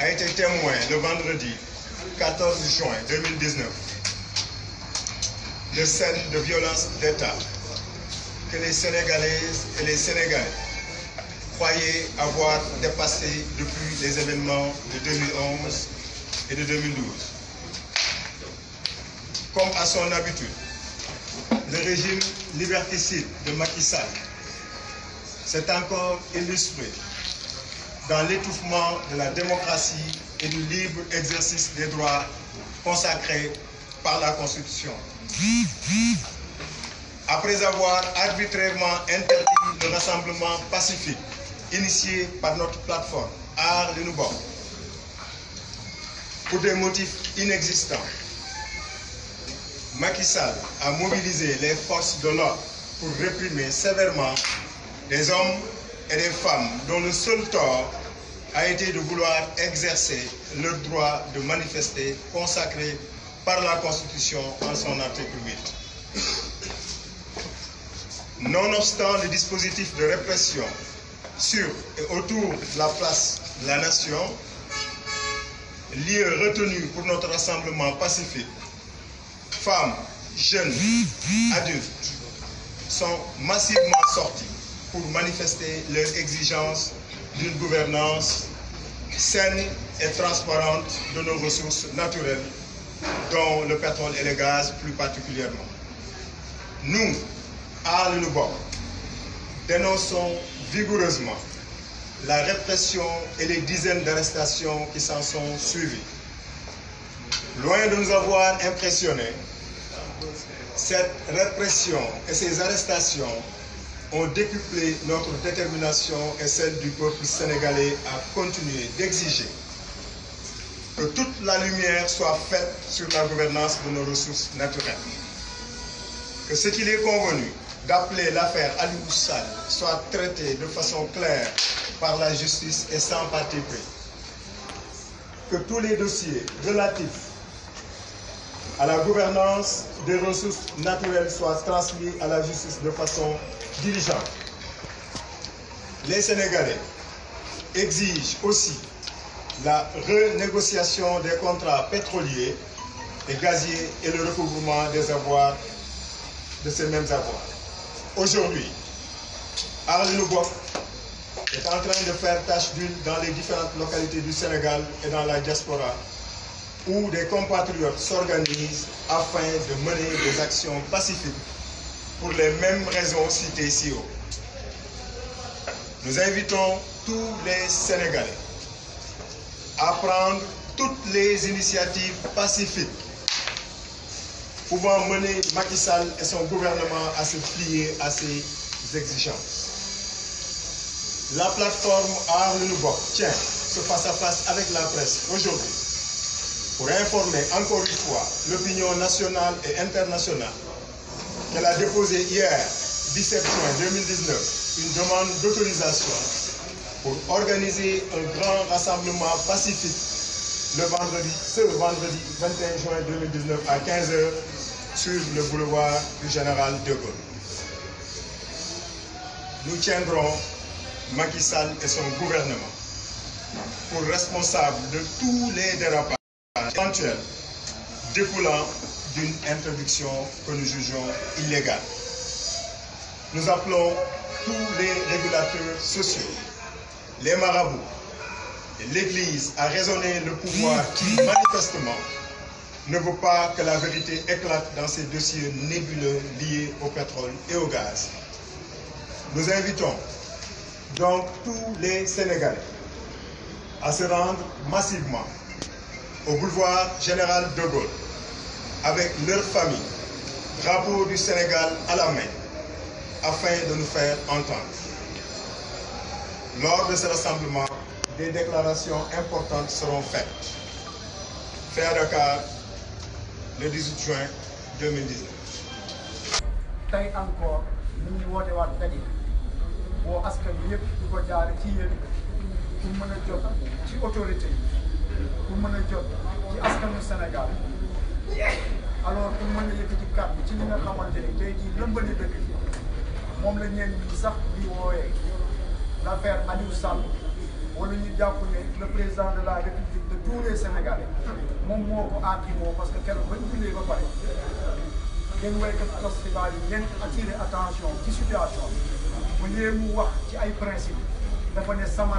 a été témoin le vendredi 14 juin 2019 de scènes de violence d'État que les Sénégalaises et les Sénégalais croyaient avoir dépassé depuis les événements de 2011 et de 2012. Comme à son habitude, le régime liberticide de Macky Sall s'est encore illustré dans l'étouffement de la démocratie et du libre exercice des droits consacrés par la Constitution. Après avoir arbitrairement interdit le rassemblement pacifique initié par notre plateforme Art de Nouveau pour des motifs inexistants, Macky Sall a mobilisé les forces de l'ordre pour réprimer sévèrement des hommes et des femmes dont le seul tort a été de vouloir exercer le droit de manifester consacré par la Constitution en son article 8. Nonobstant les dispositifs de répression sur et autour de la place de la nation, lieu retenu pour notre rassemblement pacifique, femmes, jeunes, adultes sont massivement sortis pour manifester leurs exigences d'une gouvernance saine et transparente de nos ressources naturelles, dont le pétrole et le gaz plus particulièrement. Nous, à l'UNUBOC, dénonçons vigoureusement la répression et les dizaines d'arrestations qui s'en sont suivies. Loin de nous avoir impressionnés, cette répression et ces arrestations ont décuplé notre détermination et celle du peuple sénégalais à continuer d'exiger que toute la lumière soit faite sur la gouvernance de nos ressources naturelles. Que ce qu'il est convenu d'appeler l'affaire Ali Oussal soit traité de façon claire par la justice et sans parti Que tous les dossiers relatifs à la gouvernance des ressources naturelles soit transmis à la justice de façon diligente. Les Sénégalais exigent aussi la renégociation des contrats pétroliers et gaziers et le recouvrement des avoirs de ces mêmes avoirs. Aujourd'hui, Arles est en train de faire tâche d'huile dans les différentes localités du Sénégal et dans la diaspora où des compatriotes s'organisent afin de mener des actions pacifiques pour les mêmes raisons citées ici haut. Nous invitons tous les Sénégalais à prendre toutes les initiatives pacifiques pouvant mener Macky Sall et son gouvernement à se plier à ces exigences. La plateforme Arle Nouveau tient ce face à -face avec la presse aujourd'hui pour informer encore une fois l'opinion nationale et internationale qu'elle a déposé hier, 17 juin 2019, une demande d'autorisation pour organiser un grand rassemblement pacifique le vendredi, ce vendredi 21 juin 2019 à 15h sur le boulevard du Général de Gaulle. Nous tiendrons Macky Sall et son gouvernement pour responsables de tous les dérapages éventuelle découlant d'une interdiction que nous jugeons illégale. Nous appelons tous les régulateurs sociaux, les marabouts et l'Église à raisonner le pouvoir qui, manifestement, ne veut pas que la vérité éclate dans ces dossiers nébuleux liés au pétrole et au gaz. Nous invitons donc tous les Sénégalais à se rendre massivement au boulevard Général de Gaulle avec leur famille, drapeau du Sénégal à la main, afin de nous faire entendre. Lors de ce rassemblement, des déclarations importantes seront faites. Faire à Dakar, le 18 juin 2019. bu mën a jot ci askanu Sénégal alors pour mën a yëkkati kàddu ci li nga xamante ni tey jii lëmbali dëkk bi moom la ñeen ñi sax di wooyee l'affaire Aliou Sall wala ñu jàpp ne le président de la république de tous les sénégalais moom moo ko aati moo parce que keroog bañ jullee ba pare ngeen waykat festival yi ngeen attiré attention ci situation bi bu mu wax ci ay principe dafa ne sama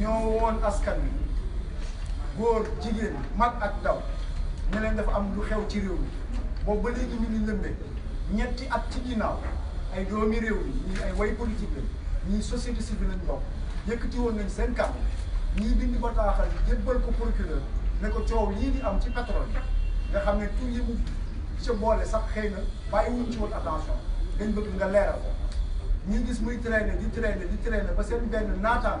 ñoo woon askan wi góor jigéen mag ak ndaw ñu leen dafa am lu xew ci réew mi boobu ba léegi ñu ngi ñetti at ci ginnaaw ay doomi réew mi ñii ay way politique la ñii société civile lañ bokk yëkkati woon nañ seen kàddu ñii bind bataaxal jébbal ko procureur ne ko coow lii di am ci pétrole bi nga xam ne tout yi mu ca boole sax xëy na bàyyiwuñ ci woon attention dañ bëgg nga leeral ko ñii gis muy traîner di traîner di traîner ba seen benn naataan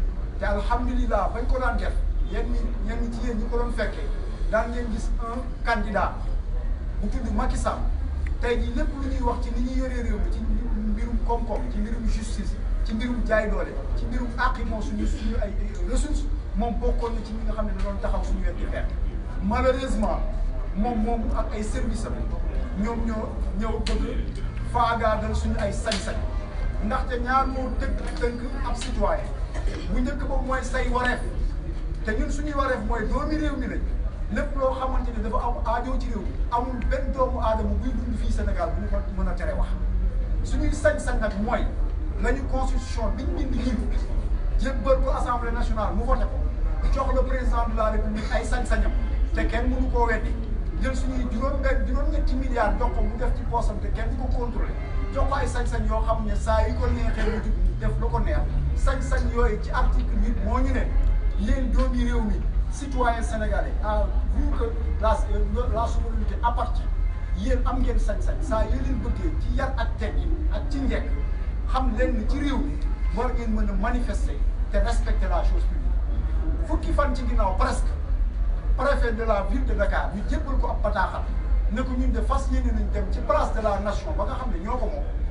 te alhamdulilah bañ ko daan def yenn ci jigéen ñi ko doon fekkee daan ngeen gis un candidat bu tudd Macky Sall tey jii lépp lu ñuy wax ci ni ñuy yoree réew mi ci mbirum koom-koom ci mbirum justice ci mbirum jaay doole ci mbirum àqi suñu suñu ay ressources moom bokkoon na ci ñi nga xam ne doon taxaw suñu wet di xeex malheureusement moom moom ak ay service am ñoom ñoo ñëw bëgg faagaagal suñu ay sañ-sañ ndaxte ñaar moo tënk tënk ab citoyen bu njëkk boobu mooy say wareef te ñun suñu wareef mooy doomi réew mi lañ lépp loo xamante ni dafa am aajoo ci réew mi amul benn doomu aadama buy dund fii Sénégal bu ñu ko mën a tere wax suñuy sañ-sañ nag mooy lañu constitution biñ bind lii jébbal ko assemblée nationale mu voté ko jox le président de la république ay sañ-sañam te kenn mënu koo weddi jël suñu juróom benn juróom-ñetti milliards jox ko mu def ci poosam te kenn du ko contrôlé jox ay sañ-sañ yoo xam ne saa ko neexee mu def lu C'est sañ ci article sénégalais à vous la euh, la souveraineté appartient yeen am ngeen millions ça yeen leen ci yar ak ak ci xam leen manifester respecter la chose publique fan ci presque préfet de la ville de Dakar ñu jéppul ko ap ne ko de fas yéene nañ dem ci place de la nation ba nga ne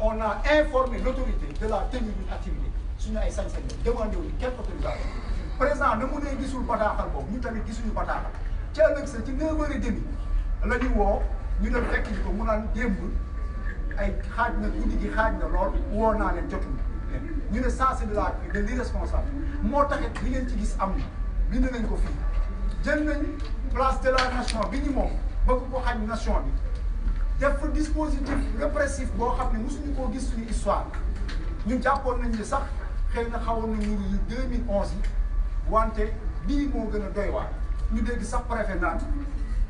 on a informé l'autorité de la tenue d'une activité suñu ay sañ-sañ la demandé autorisation président nous ne pas que Nous avons dit que nous ñu dem nous avons dit que ay que nous guddi dit que nous avons dit ne nous de la Nous avons place de la nation nous avons bëgg ko nation def fa dispositif répressif boo xam ne mosuñu koo gis suñu histoire ñun jàppoon nañ ne sax xëy na xawoon nañu yu 2011 yi wante bii moo gën a doy waar ñu dégg sax préfet naan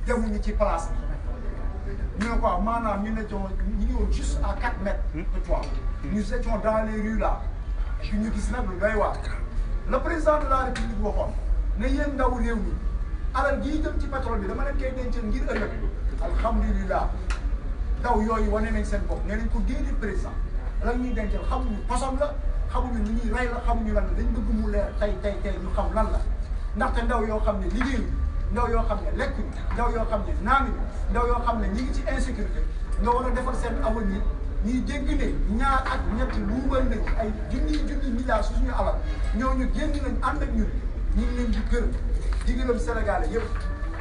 demuñu ci place bi. ñu ne quoi maanaam ñu ne joo ñu ngi woon juste à 4 mètres de hmm. toi. ñu étions dans les rues là. puis ñu gis nag lu doy waar. le président de la république waxoon ne yéen ndaw réew mi alal gii jëm ci pétrole bi dama leen kay dencal ngir ëllëg alhamdulilah. ndaw yooyu wane nañ seen bopp nee nañ ko déedéet président lan ñuy dencal xamuñu poson la xamuñu lu ñuy rey la xamuñu lan la dañ bëgg mu leer tey tey tey ñu xam lan la ndaxte ndaw yoo xam ne liggéeyu ndaw yoo xam ne lekkuñu ndaw yoo xam ne naanuñu ndaw yoo xam ne ñi ngi ci insécurité nga war a defar seen avenir ñuy dégg ne ñaar ak ñett luubal nañ ay junniy junniy milliards suñu alal ñooñu génn nañ ànd ak ñun ñu ngi leen di gërëm di gërëm Sénégalais yëpp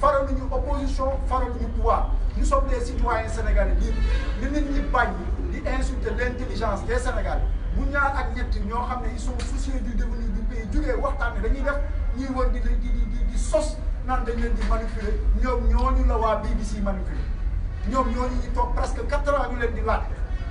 faraluñu opposition faraluñu pouvoir nous sommes des citoyens sénégalais libres li nit ñi bañ di insulter l'intelligence des sénégalais mu ñaar ak ñett ñoo xam ne ils sont soucieux du devenir du pays jugee waxtaan ne dañuy def ñuy wër di di di di sos naan dañ leen di manipuler ñoom ñooñu la waa BBC manipuler ñoom ñooñu ñu toog presque quatre ans ñu leen di laaj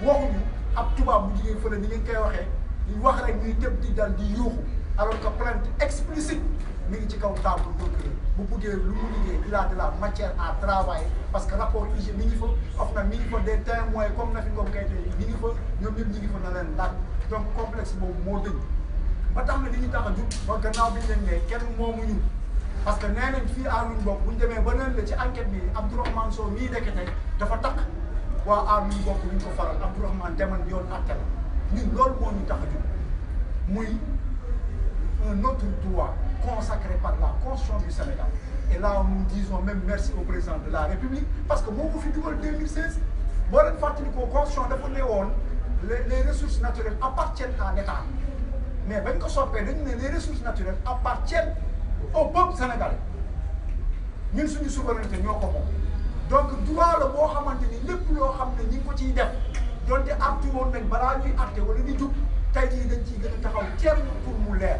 waxuñu ab tubaab bu jigéen fële ni ngeen koy waxee di wax rek ñuy tëb di dal di yuuxu alors que plainte explicite mi ngi ci kaw table procureur bu buggee lu mu liggéey il a de la matière à travailler parce que rapport IGE mi ngi fa OFNAC mi ngi fa des témoins comme Nafi Ngom Keïta mi ngi fa na leen laaj donc complexe boobu moo dëñ ba tax na li ñu tax a jug ba gannaaw bi ñu leen ne kenn moomuñu parce que nee nañ fii à luñ bokk bu ñu demee ba leen la ci enquête bi Abdourahmane Sow mii dekete dafa takk waa à luñ bokk luñ ko faral Abdourahmane demal yoon àttel ñun loolu moo ñu tax a jug muy un autre droit consacré par la Constitution du Sénégal. Et là, nous disons même merci au président de la République parce que mon profit du 2016, bon, leen constitution dafa les ressources naturelles appartiennent à l'État mais même ko soit dañu les ressources naturelles appartiennent au peuple sénégalais ñun suñu souveraineté nous ko donc droit la boo xamante ni lépp loo xam ne ñi ngi ko ciy def donte artu woon nañ balaa ñuy arte wala di jub tey jii dañ ciy gën a taxaw ceeb pour mu leer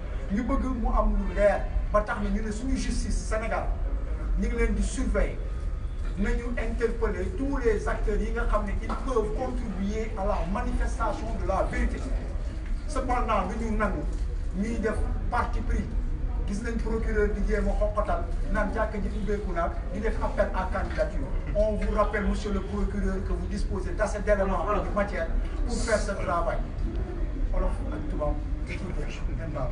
Nous bëgg mu am lu leer ba tax suñu justice Sénégal Nous ngi leen di surveiller nañu interpeller tous les acteurs yi peuvent contribuer à la manifestation de la vérité cependant nous ñu nangu ñuy def parti pris gis nañ procureur di jéem a xoqatal naan jàkk appel à candidature on vous rappelle monsieur le procureur que vous disposez d'assez d'éléments de matière pour faire ce travail olof ak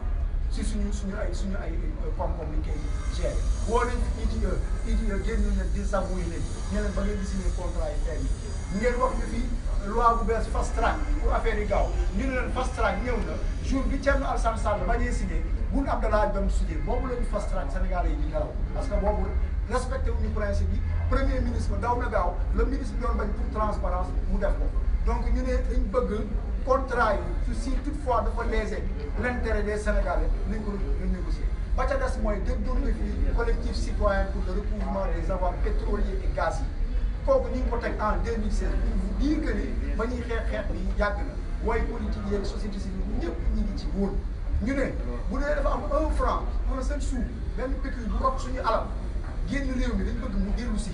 si suñu suñu ay suñu ay koom-koom liñ koy gérer woo nañ IDE IDE génn na désavoué leen ne leen ba ngeen di signé contrat yi terminé ngeen wax ñu fii loi bu bees fast track pour affaire yi gaaw ñu ne leen fast track ñëw na jour bi Thierno Alassane Sall ba ñuy signé Boun Abdallah Dionne signé boobu la ñu fast track Sénégal yi di nelaw parce que boobu respecté wuñu principe yi premier ministre daw na gaaw le ministre doon bañ pour transparence mu def ko donc ñu ne dañ bëgg contrat yi si toutefois dafa léser l'intérêt des Sénégalais nañ ko négocier ba ca des mooy déggoon na fii collectif citoyen pour le recouvrement des avoirs pétroliers et gaz yi kooku ñu ngi ko teg en 2016 pour vous dire que ni ba ñuy xeex xeex bi yàgg na waaye politique yeeg société civile ñëpp ñu ngi ci woon ñu ne bu dee dafa am un franc wala seen suuf benn pécule bu rop suñu alal génn réew mi dañ bëgg mu dellu si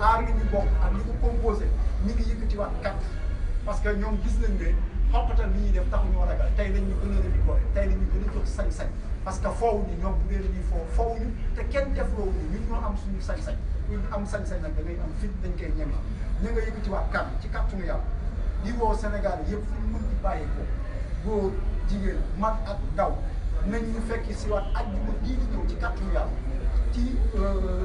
aar yi ñu bokk ak ñi ko composé ñi ngi yëkkatiwaat kat parce que ñoom gis nañ ne xokkatal bi ñuy def taxu ñoo ragal tey dañ ñu gën a rëbikoore tey dañ ñu gën a jox sañ-sañ parce que foowu ñu ñoom bu dee dañuy foow foowu ñu te kenn defloowu ñu ñun ñoo am suñu sañ-sañ ñu am sañ-sañ nag da ngay am fit dañ koy ñeme ñu nga yëkkatiwaat kat ci kàttanu yàlla di woo Sénégal yëpp fu ñu mën di bàyyeekoo góor jigéen mag ak ndaw nañ ñu fekki siwaat ak ji ma jii di ñëw ci kàttanu yàlla euh,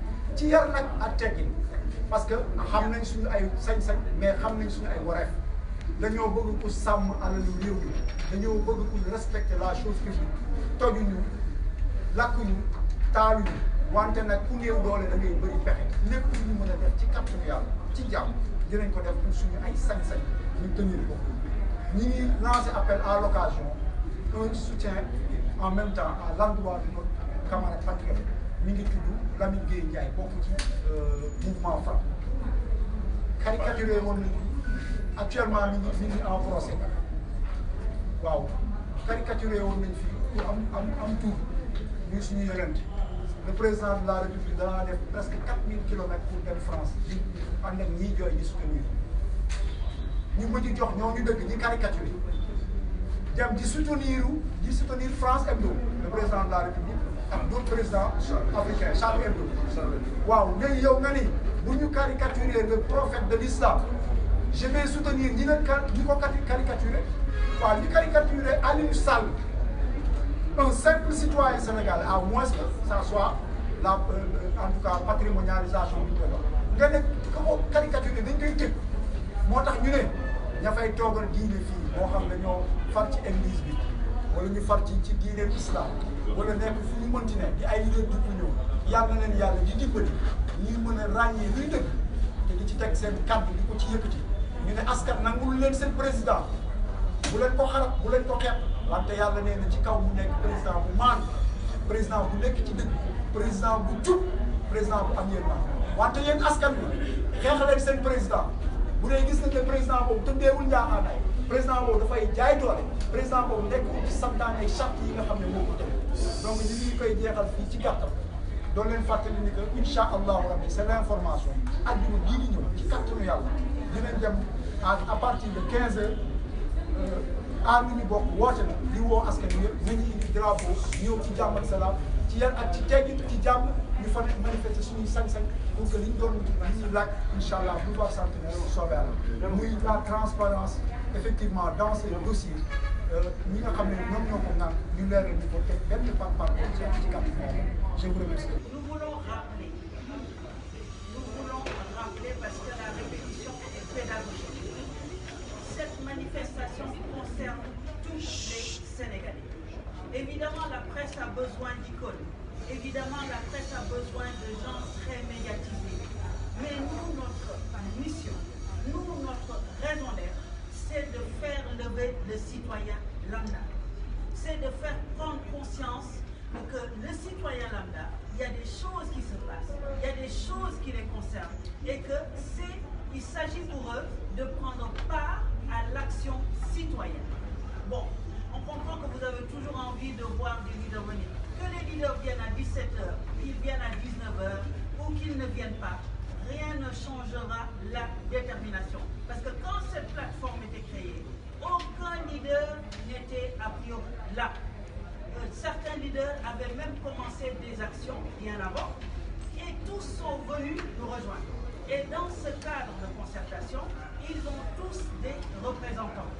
ci yar nag ak teggin parce que xam nañ suñu ay sañ-sañ mais xam nañ suñu ay wareef dañoo bëgg ku sàmm alalu réew mi dañoo bëgg ku respecter la chose publique tojuñu lakkuñu taaluñu wante nag ku néew doole da ngay bëri pexe lépp lu ñu mën a def ci kàttanu yàlla ci jàmm dinañ ko def pour suñu ay sañ-sañ ñu tenir ko ñu ngi lancer appel à l'occasion un soutien en même temps à l'endroit de notre camarade mingi ngi Lamine Gueye Ndiaye bokk ci euh, mouvement FRAPP caricaturé woon nañu actuellement mi ngi mi ngi en procès waaw caricaturé woon nañ fii pour am am am tour ñuy suñu yonent le président de la république danaa def presque quatre mille kilomètres pour dem France di ànd ak ñiy jooy di soutenir ñu mujj jox ñoo ñu dëgg ñi caricaturé dem di soutenir di soutenir France Hebdo le président de la république de bu président africain Charles Hebdo waouh, léegi yow nga ni caricaturer le prophète de l'islam je vais soutenir ni nga ko caricaturer waaw à caricaturer un simple citoyen sénégalais à moins que ça soit la euh, euh, en tout cas patrimonialisation du peuple. koy wax ko caricaturer dañ koy tëj moo tax ñu il ña fay toogal un fii moo ñoo far ci église wala ñu far ci ci diineen islam wala nekk fu ñu mënti ne di ay leader d'opinion yàlla na leen yàlla di dimbali ñuy mën a ràññee luy dëgg te di ci teg seen kàddu di ko ci yëkkati ñu ne askan nangul leen seen président bu leen ko xarab bu leen ko xeeb wante yàlla nee na ci kaw mu nekk président bu maan président bu nekk ci dëgg président bu jub président bu am yéen wante yéen askan bi xeexaleen seen président bu dee gis nañ président boobu tëddeewul njaaxaanaay président boobu dafay jaay doole président boobu nekkul ci santaan ay charte yi nga xam ne moo ko tënk donc ñu ngi koy jeexal fii ci gàttal doon leen fàttali ni que incha allahu rabbi c' est l' information àdduna bii di ñëw ci kattanu yàlla dinañ dem à partir de 15 heures aar mi ñu bokk woote na di woo askan wi yëpp nañu indi drapeau ñëw ci jàmm ak salaam ci yan ak ci teggin ci jàmm ñu fa nekk manifester suñuy sañ-sañ pour que li ñu doon li ñuy laaj incha allah bu baax sant nañu soobee muy la transparence effectivement dans ce dossier, euh, nous avons mis le nom de l'air de ne même pas par contre, c'est un petit de Je vous remercie. et que c'est, il s'agit pour eux de prendre part à l'action citoyenne. Bon, on comprend que vous avez toujours envie de voir des leaders venir. Que les leaders viennent à 17h, qu'ils viennent à 19h ou qu'ils ne viennent pas, rien ne changera la détermination. Parce que quand cette plateforme était créée, aucun leader n'était Et dans ce cadre de concertation, ils ont tous des représentants.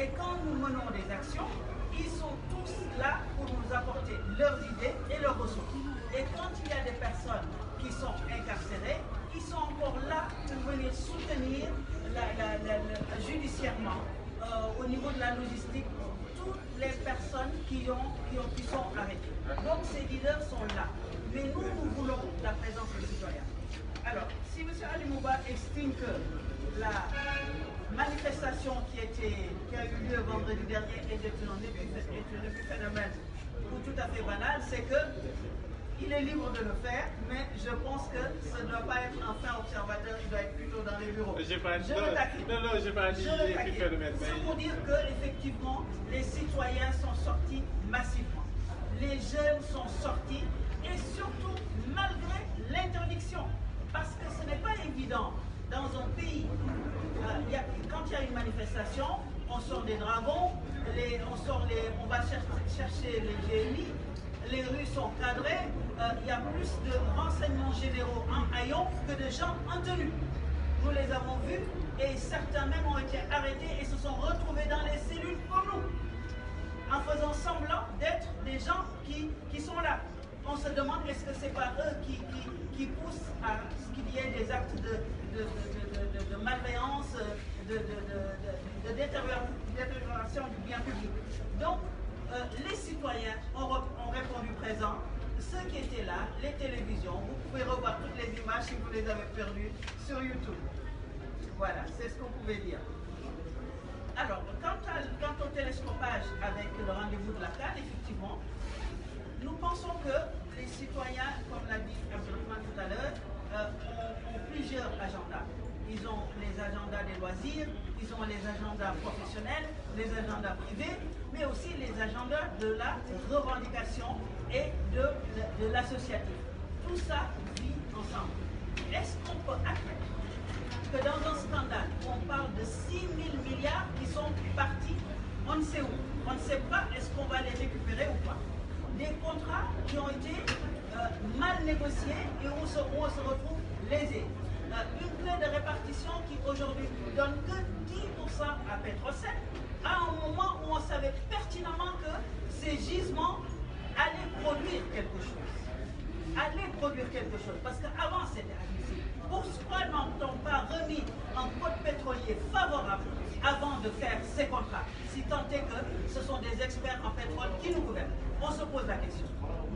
Et quand nous menons des actions, ils sont tous là pour nous apporter leurs idées et leurs ressources. Et quand il y a des personnes qui sont incarcérées, ils sont encore là pour venir soutenir judiciairement, euh, au niveau de la logistique, toutes les personnes qui, ont, qui, qui sont arrêtées. Donc ces leaders sont là. fait banal, c'est que il est libre de le faire, mais je pense que ce ne doit pas être un fin observateur, il doit être plutôt dans les bureaux. je le taquine. Non, non, je pas dit C'est pour dire que, effectivement, les citoyens sont sortis massivement. Les jeunes sont sortis, et surtout malgré l'interdiction. Parce que ce n'est pas évident dans un pays, où, euh, quand il y a une manifestation, on sort des dragons, on, les, on va chercher les GMI, les rues sont cadrées, euh, il y a plus de renseignements généraux en haillons que de gens en tenue. Nous les avons vus et certains même ont été arrêtés et se sont retrouvés dans les cellules comme nous, en faisant semblant d'être des gens qui, sont là. On se demande est-ce que c'est pas eux qui, poussent à ce qu'il y ait des actes de malveillance euh, de, détérioration du bien public. Donc, euh, les citoyens ont, ont, répondu présent. Ceux qui étaient là, les télévisions, vous pouvez revoir toutes les images si vous les avez perdues sur YouTube. Voilà, c'est ce qu'on pouvait dire. Alors, quant, au télescopage avec le rendez-vous de la CAD, effectivement, nous pensons que les citoyens, comme l'a dit absolument tout à l'heure, euh, ont plusieurs agendas ils ont les agendas des loisirs, ils ont les agendas professionnels, les agendas privés, mais aussi les agendas de la revendication et de, de, l'associatif. Tout ça vit ensemble. Est-ce qu'on peut accepter que dans un scandale où on parle de 6 000 milliards qui sont partis, on ne sait où, on ne sait pas est-ce qu'on va les récupérer ou pas Des contrats qui ont été euh, mal négociés et où on se, où on se retrouve lésés. Euh, une clé de répartition qui aujourd'hui ne donne que 10% à 7 à un moment où on savait pertinemment que ces gisements allaient produire quelque chose. Allaient produire quelque chose. Parce qu'avant, c'était admissible. Pourquoi n'ont-on pas remis un code pétrolier favorable avant de faire ces contrats Si tant est que ce sont des experts en pétrole qui nous gouvernent. On se pose la question.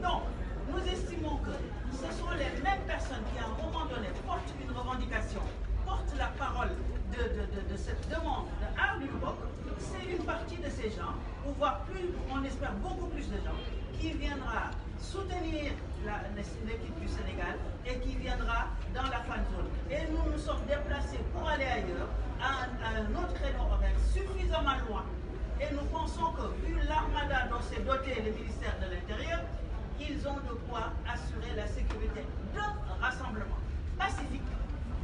Non, nous estimons que ce sont les mêmes personnes qui, à un moment donné, portent une revendication, portent la parole de, cette demande de C'est une partie de ces gens, ou voire plus, on espère beaucoup plus de gens, qui viendra soutenir l'équipe du Sénégal et qui viendra dans la fan zone. Et nous nous sommes déplacés pour aller ailleurs, à, un autre créneau horaire suffisamment loin. Et nous pensons que, vu l'armada dont s'est doté le ministère de l'Intérieur, ils ont de quoi assurer la sécurité d'un rassemblement pacifique,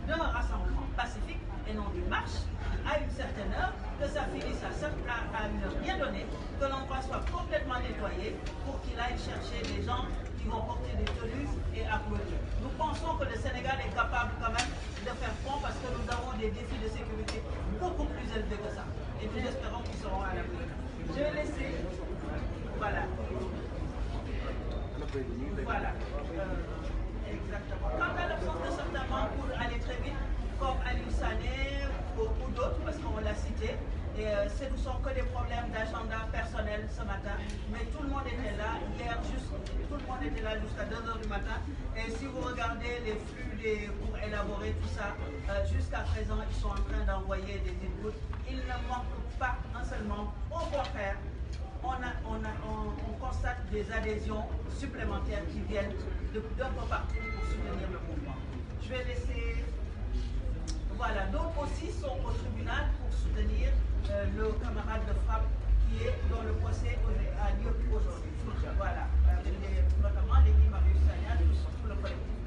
d'un rassemblement pacifique et non d'une marche à une certaine heure, que ça finisse à, une heure bien donnée, que l'endroit soit complètement nettoyé pour qu'il aille chercher des gens qui vont porter des tenues et applaudir. Nous pensons que le Sénégal est capable quand même de faire front parce que nous avons des défis de sécurité beaucoup plus élevés que ça. Et nous espérons qu'ils seront à la Je vais laisser. Voilà. Voilà. Euh, exactement. Quant à l'absence de membres pour aller très vite, comme Aliou Sané, beaucoup d'autres, parce qu'on l'a cité, et euh, ce ne sont que des problèmes d'agenda personnel ce matin. Mais tout le monde était là hier, juste, tout le monde était là jusqu'à 2h du matin. Et si vous regardez les flux pour élaborer tout ça, euh, jusqu'à présent, ils sont en train d'envoyer des inputs. Il ne manque pas un seul membre. Au faire, on, a, on, constate des adhésions supplémentaires qui viennent d'un peu partout pour soutenir le mouvement. Je vais laisser... Voilà, d'autres aussi sont au tribunal pour soutenir euh, le camarade de frappe qui est dans le procès à lieu aujourd'hui. Voilà, euh, notamment les Marius Sagna, tout le collectif.